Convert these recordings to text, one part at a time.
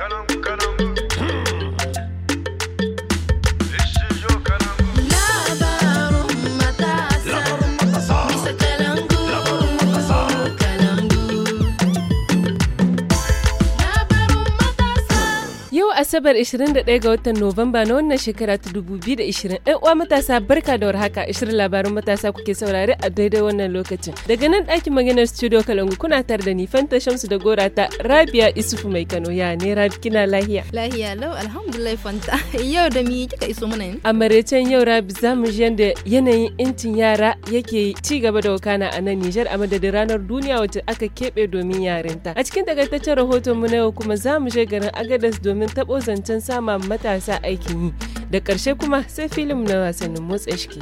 Can't Asabar 21 ga watan Nuwamba na wannan shekara ta 2020. ɗan uwa matasa barka da warhaka, shirin labarin matasa kuke saurare a daidai wannan lokacin. Daga nan ɗakin maganar studio Kalangu kuna tare da ni Fanta Shamsu da Gora ta Rabia Isufu mai Kano ya ne Rabi kina lahiya. Lahiya lau alhamdulillah Fanta. Yau da mi kika iso mana yin. A maraicen yau Rabi za mu ji yadda yanayin incin yara yake ci gaba da wakana a nan Nijar a madadin ranar duniya wacce aka keɓe domin yarinta. A cikin takaitaccen rahoton mu na yau kuma za mu je garin Agadas domin taɓa taɓo zancen sama matasa aikin yi. Da ƙarshe kuma sai filin na wasannin motsa shi.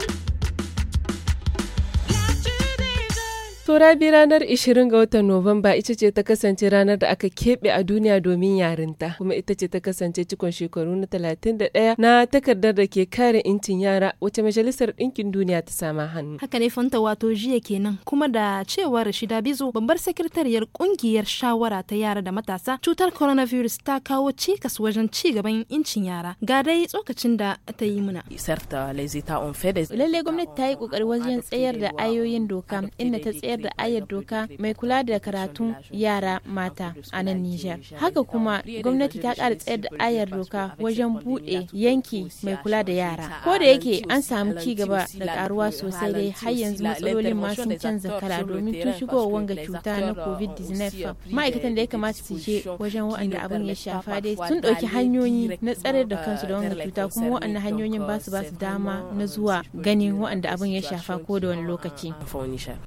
To rabi ranar 20 ga watan Nuwamba ita ce ta kasance ranar da aka keɓe a duniya domin yarinta, kuma ita ce ta kasance cikon shekaru na 31 na takardar da ke kare incin yara wacce Majalisar Ɗinkin Duniya ta sama hannu. Haka ne fanta wato jiya kenan, kuma da cewa Rashida Bizu babbar sakirtariyar ƙungiyar shawara ta yara da matasa, cutar coronavirus ta kawo cikas wajen ci gaban incin yara. Ga dai tsokacin da ta yi muna. Lallai gwamnati ta yi ƙoƙari wajen tsayar da ayoyin doka inda ta tsayar da ayar doka mai kula da karatun yara mata a nan Nijar. Haka kuma gwamnati ta ƙara tsayar da ayar doka wajen buɗe yanki mai kula da yara. Ko da yake an samu ci gaba da karuwa sosai dai har yanzu matsalolin ma sun canza kala domin tun shigo wanga cuta na COVID-19 ma'aikatan da ya kamata su je wajen waɗanda abin ya shafa dai sun ɗauki hanyoyi na tsarar da kansu da wanga cuta kuma waɗannan hanyoyin ba su ba su dama na zuwa ganin waɗanda abin ya shafa ko da wani lokaci.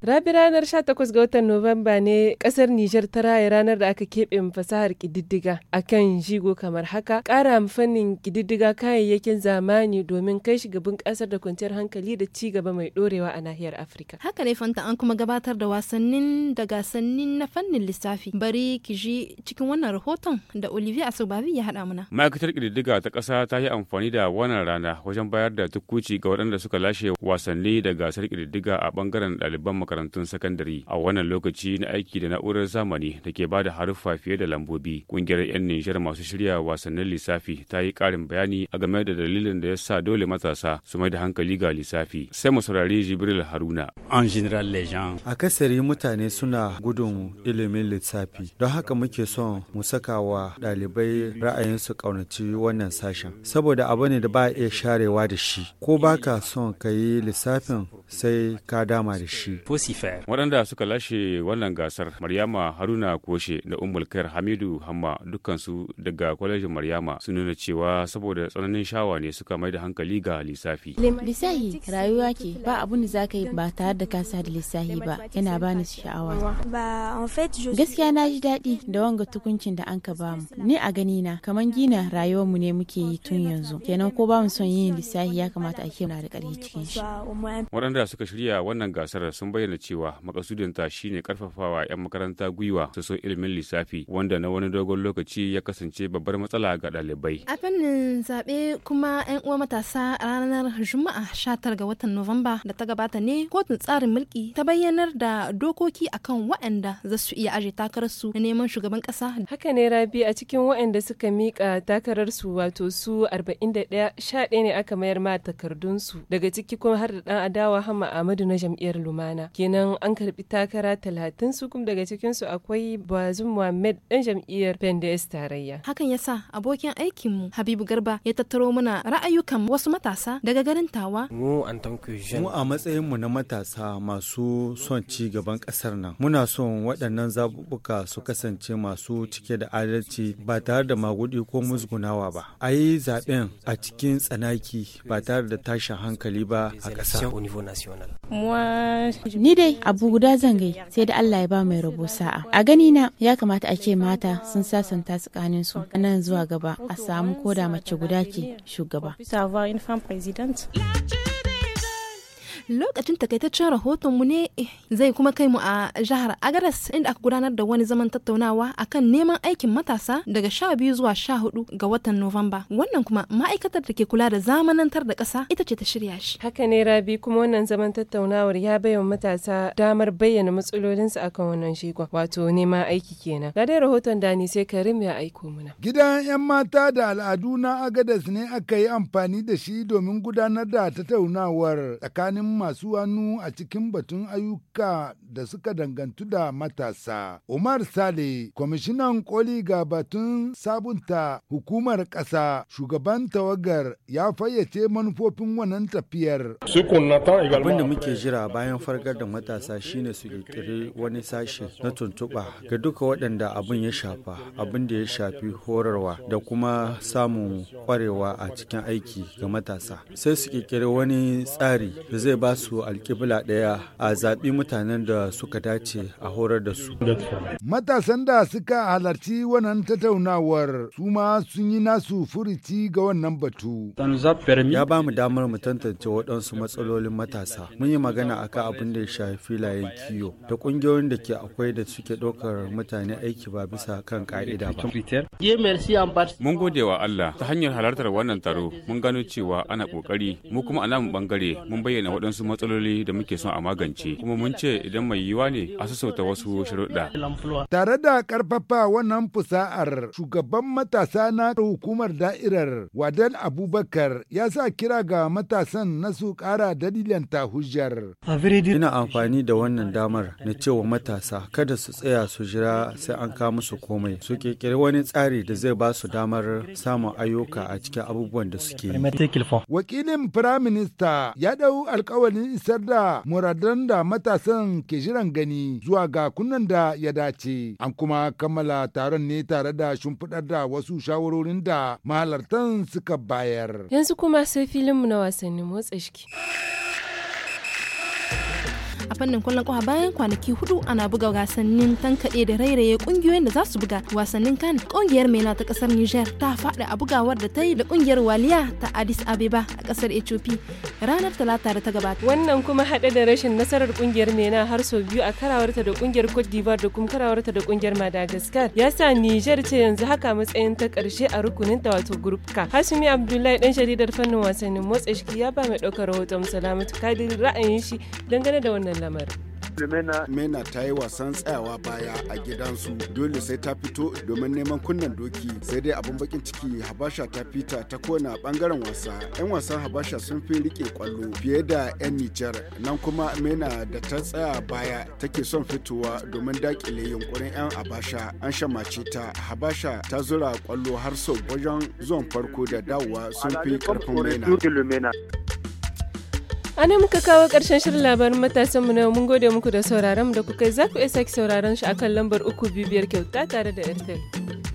Rabi ranar ranar 18 ga watan Nuwamba ne kasar Nijar ta raya ranar da aka keɓe fasahar kididdiga a kan jigo kamar haka ƙara fannin kididdiga kayayyakin zamani domin kai shi gaban ƙasar da kwanciyar hankali da ci gaba mai ɗorewa a nahiyar Afirka. Haka ne fanta an kuma gabatar da wasannin da gasannin na fannin lissafi. Bari ki ji cikin wannan rahoton da Olivier Asubavi ya haɗa mana. Ma'aikatar kididdiga ta kasa ta yi amfani da wannan rana wajen bayar da tukuci ga waɗanda suka lashe wasanni da gasar ƙididdiga a ɓangaren ɗaliban makarantun sakandare. sakandare a wannan lokaci na aiki da na'urar zamani da ke bada haruffa fiye da lambobi kungiyar 'yan nijar masu shirya wasannin lissafi ta yi karin bayani a game da dalilin da ya sa dole matasa su mai da hankali ga lissafi sai mu saurari jibril haruna en general gens akasari mutane suna gudun ilimin lissafi don haka muke son mu saka wa ɗalibai ra'ayinsu ƙaunaci wannan sashen saboda abu ne da ba iya sharewa da shi ko baka son ka yi lissafin sai ka dama da shi waɗanda suka lashe wannan gasar maryama haruna koshe da kair hamidu hamma dukkansu daga kwalejin maryama sun nuna cewa saboda tsananin shawa ne suka mai da hankali ga lissafi lissafi rayuwa ke ba abun da za ka yi ba tare da kasa da lissafi ba yana ba ni sha'awa gaskiya na ji daɗi da wanga tukuncin da an ka ba mu. ni a gani na kamar gina rayuwar mu ne muke yi tun yanzu kenan ko ba mu son yin lissafi ya kamata a ke na da ƙarfi cikin shi waɗanda suka shirya wannan gasar sun bayyana cewa makasudinta shine karfafawa 'yan makaranta gwiwa su so ilimin lissafi wanda na wani dogon lokaci ya kasance babbar matsala ga ɗalibai. A fannin zaɓe kuma 'yan uwa matasa a ranar Juma'a shatar ga watan Nuwamba da ta gabata ne kotun tsarin mulki ta bayyanar da dokoki akan waɗanda za su iya aje takararsu na neman shugaban ƙasa. Haka ne Rabi a cikin waɗanda suka miƙa takararsu wato su 41 sha ɗaya ne aka mayar ma takardunsu daga ciki kuma har da ɗan adawa Hama Ahmadu na jam'iyyar Lumana. Kenan an an karbi takara talatin su kuma daga cikinsu akwai bazum muhammed dan jam'iyyar pendes tarayya hakan yasa abokin aikin mu habibu garba ya tattaro mana ra'ayukan wasu matasa daga garin tawa mu a matsayin mu na matasa masu son ci gaban kasar nan muna son waɗannan zabubuka su kasance masu cike da adalci ba tare da magudi ko musgunawa ba a yi zaɓen a cikin tsanaki ba tare da tashin hankali ba a ƙasa ni dai abu guda zan gai sai da Allah ya ba mai rabo sa'a a gani na ya kamata a ce mata sun sasanta tsakanin su nan zuwa gaba a samu koda mace guda ce shugaba Lokacin takaitaccen rahoton mu ne zai kuma kai mu a jihar agaras inda aka gudanar da wani zaman tattaunawa akan neman aikin matasa daga 12 zuwa 14 ga watan Nuwamba. Wannan kuma ma'aikatar da ke kula da zamanantar da kasa ita ce ta shirya shi. Haka ne Rabi kuma wannan zaman tattaunawar ya bai wa matasa damar bayyana matsalolinsu akan wannan shigon wato neman aiki kenan. Ga dai rahoton da ni sai Karim ya aiko mana. Gidan 'yan mata da al'adu na Agadas ne aka yi amfani da shi domin gudanar da tattaunawar tsakanin masu hannu a cikin batun ayyuka da suka dangantu da matasa. Umar Sale, kwamishinan koli ga batun sabunta hukumar ƙasa, shugaban tawagar ya fayyace manufofin wannan tafiyar. Abin da muke jira bayan fargar da matasa shine su ƙirƙiri wani sashe na tuntuɓa ga duka waɗanda abin ya shafa, abin da ya shafi horarwa da kuma samun ƙwarewa a cikin aiki ga matasa. Sai su ƙirƙiri wani tsari da zai ba su alkibla ɗaya a zaɓi mutanen da suka dace a horar da su. Matasan da suka halarci wannan tattaunawar su ma sun yi nasu furici ga wannan batu. Ya ba mu damar mu tantance waɗansu matsalolin matasa. Mun yi magana a akan abin da ya shafi filayen kiyo da ƙungiyoyin da ke akwai da suke ɗaukar mutane aiki ba bisa kan ka'ida ba. Mun gode wa Allah ta hanyar halartar wannan taro mun gano cewa ana ƙoƙari mu kuma a namu ɓangare mun bayyana waɗansu waɗansu matsaloli da muke son a magance kuma mun ce idan mai yiwa ne a sassauta wasu sharuɗa. Tare da karfafa wannan fusa'ar shugaban matasa na hukumar da'irar Wadal Abubakar ya sa kira ga matasan na su ƙara ta hujjar. Ina amfani da wannan damar na cewa matasa kada su tsaya su jira sai an kawo musu komai su ƙirƙiri wani tsari da zai ba su damar samun ayyuka a cikin abubuwan da suke. Wakilin Firaminista ya ɗau alƙawari alkawalin isar da muradan da matasan ke jiran gani zuwa ga kunnan da ya dace. An kuma kammala taron ne tare da shimfiɗar da wasu shawarorin da mahalartan suka bayar. Yanzu kuma sai filinmu na wasannin motsa jiki. a fannin kwallon kwa bayan kwanaki hudu ana buga wasannin tankaɗe da rairaye kungiyoyin da za su buga wasannin kan ƙungiyar mena ta kasar niger ta faɗa a bugawar da ta yi da kungiyar waliya ta addis abeba a kasar ethiopia ranar talata da ta gabata wannan kuma haɗe da rashin nasarar kungiyar mena har sau biyu a karawarta da kungiyar cote d'ivoire da kuma karawarta da kungiyar madagascar ya sa niger ce yanzu haka matsayin ta ƙarshe a rukunin ta wato group ka hasumi abdullahi dan jaridar fannin wasannin motsa shi ya ba mai ɗaukar rahoton salamatu kadiri ra'ayin shi dangane da wannan lamarin mena ta yi wasan tsayawa baya a gidansu dole sai ta fito domin neman kunnen doki sai dai abin bakin ciki habasha ta fita ta kona bangaren wasa yan wasan habasha sun fi rike kwallo fiye da yan nijar nan kuma mena da ta tsaya baya take son fitowa domin dakile yunkurin yan habasha an shamace ta habasha ta zura kwallo har sau wajen zuwan farko da dawowa sun fi karfin mena Ana muka kawo ƙarshen shirin labarin matasan mu na mun gode muku da sauraron da kuka yi za ku iya sake sauraron shi akan lambar uku biyar kyauta tare da Airtel.